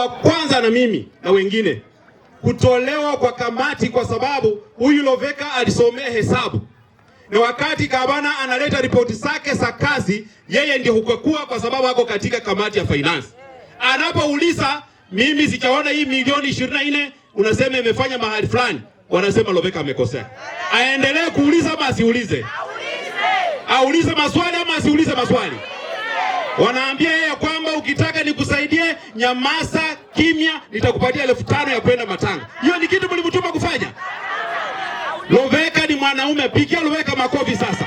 wa kwanza na mimi na wengine kutolewa kwa kamati, kwa sababu huyu Loveka alisomea hesabu na wakati Kabana analeta ripoti zake za kazi, yeye ndiye hukakua kwa sababu ako katika kamati ya finance. Anapouliza, mimi sijaona hii milioni 24 unasema imefanya mahali fulani, wanasema Loveka amekosea. Aendelee kuuliza ama asiulize? Aulize maswali ama asiulize maswali? Wanaambia yeye ukitaka nikusaidie, nyamaza kimya, nitakupatia elfu tano ya kwenda matanga. Hiyo ni kitu mlimtuma kufanya? Loveka ni mwanaume, pigia Loveka makofi sasa.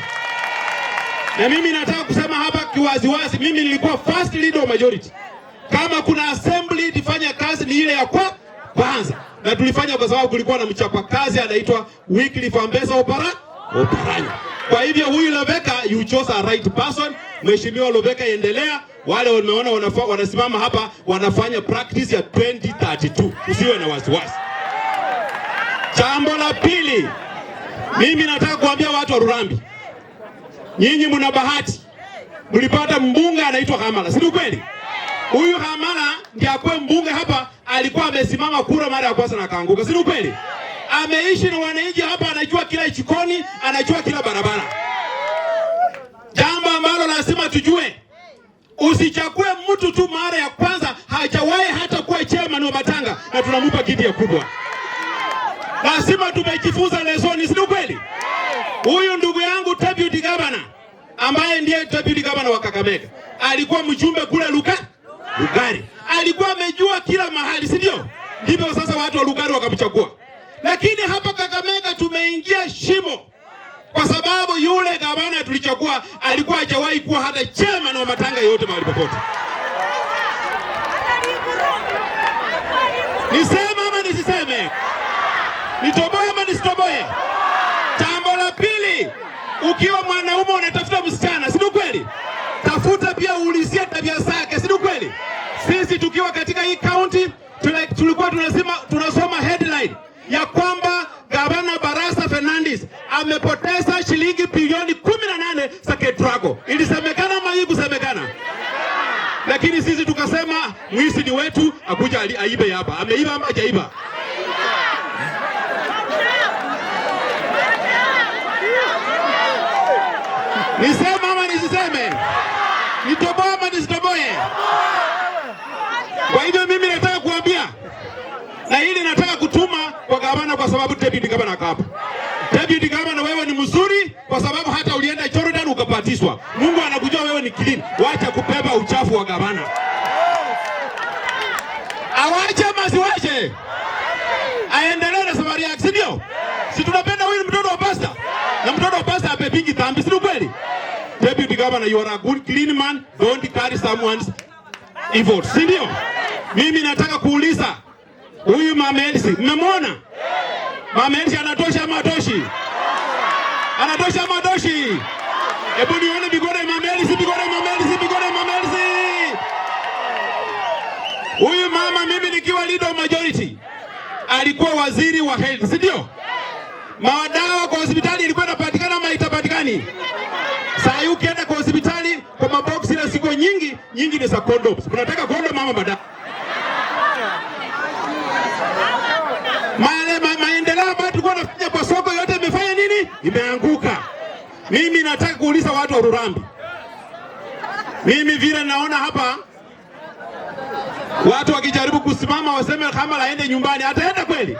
Na mimi nataka kusema hapa kiwaziwazi, mimi nilikuwa first leader wa majority. Kama kuna assembly ilifanya kazi ni ile ya kwa kwanza, na tulifanya kwa sababu kulikuwa na mchapa kazi anaitwa Wycliffe Ambesa Opara Oparanya. Kwa hivyo huyu Lobeka, you chose a right person. Mheshimiwa Lobeka, endelea. Wale wameona wanafaa wanasimama hapa wanafanya practice ya 2032. Usiwe na wasiwasi. Jambo la pili, mimi nataka kuambia watu wa Rurambi, nyinyi mna bahati, mlipata mbunge anaitwa Hamala, si kweli? Huyu Hamala ndiye akwe mbunge hapa, alikuwa amesimama kura mara ya kwanza na kaanguka, si kweli? ameishi na wananchi hapa, anajua kila chikoni, anajua kila barabara. Jambo ambalo lazima tujue, usichague mtu tu mara ya kwanza, hajawahi hata kuwa chairman wa Matanga na tunamupa kiti ya kubwa. Lazima tumejifunza lesoni, si kweli? Huyu ndugu yangu deputy governor ambaye ndiye deputy governor wa Kakamega alikuwa mjumbe kule Luka Lugari, alikuwa amejua kila mahali, si ndio? Hivyo sasa watu wa Lugari wakamchagua. Lakini hapa Kakamega tumeingia shimo, kwa sababu yule gavana tulichokuwa alikuwa hajawahi kuwa hata chema na matanga yote mahali popote. Niseme ama nisiseme? Nitoboe ama nisitoboe? Jambo la pili, ukiwa mwanaume unatafuta msichana, si kweli? Tafuta pia uulizia tabia zake, si kweli? Sisi tukiwa katika hii kaunti tulikuwa tunasema tunasoma headline ya kwamba gavana Barasa Fernandes amepoteza shilingi bilioni kumi na nane za Ketrago. Ilisemekana mai kusemekana, lakini sisi tukasema mwizi ni wetu, akuja aibe hapa. Ameiba ama hajaiba? Niseme ama nisiseme? Nitoboa gavana kwa sababu deputy gavana kapa. Deputy gavana wewe ni mzuri kwa sababu hata ulienda Jordan ukabatizwa. Mungu anakujua wewe ni clean. Wacha kubeba uchafu wa gavana. Awache masiwache. Aendelee na safari yake, sio? Si tunapenda huyu mtoto wa pasta. Na mtoto wa pasta apepingi dhambi, si kweli? Deputy gavana, you are a good clean man. Don't carry someone's evil. Sio? Mimi nataka kuuliza Huyu mama Elsi, mmemwona? Mama Elsi anatosha matoshi, anatosha matoshi. Hebu nione bigore mama Elsie, bigore mama Elsie, bigore mama Elsi. Huyu mama mimi nikiwa leader majority alikuwa waziri wa health, si ndio? Madawa kwa hospitali ilikuwa inapatikana ama itapatikani? Saa hii ukienda kwa hospitali kwa maboksi na siko nyingi nyingi ni za condoms. Unataka condom mama badala maendeleo ambayo tulikuwa tunafanya kwa soko yote imefanya nini? Imeanguka. Mimi nataka kuuliza watu wa Rurambi, mimi vile naona hapa watu wakijaribu kusimama waseme kama laende nyumbani, ataenda kweli?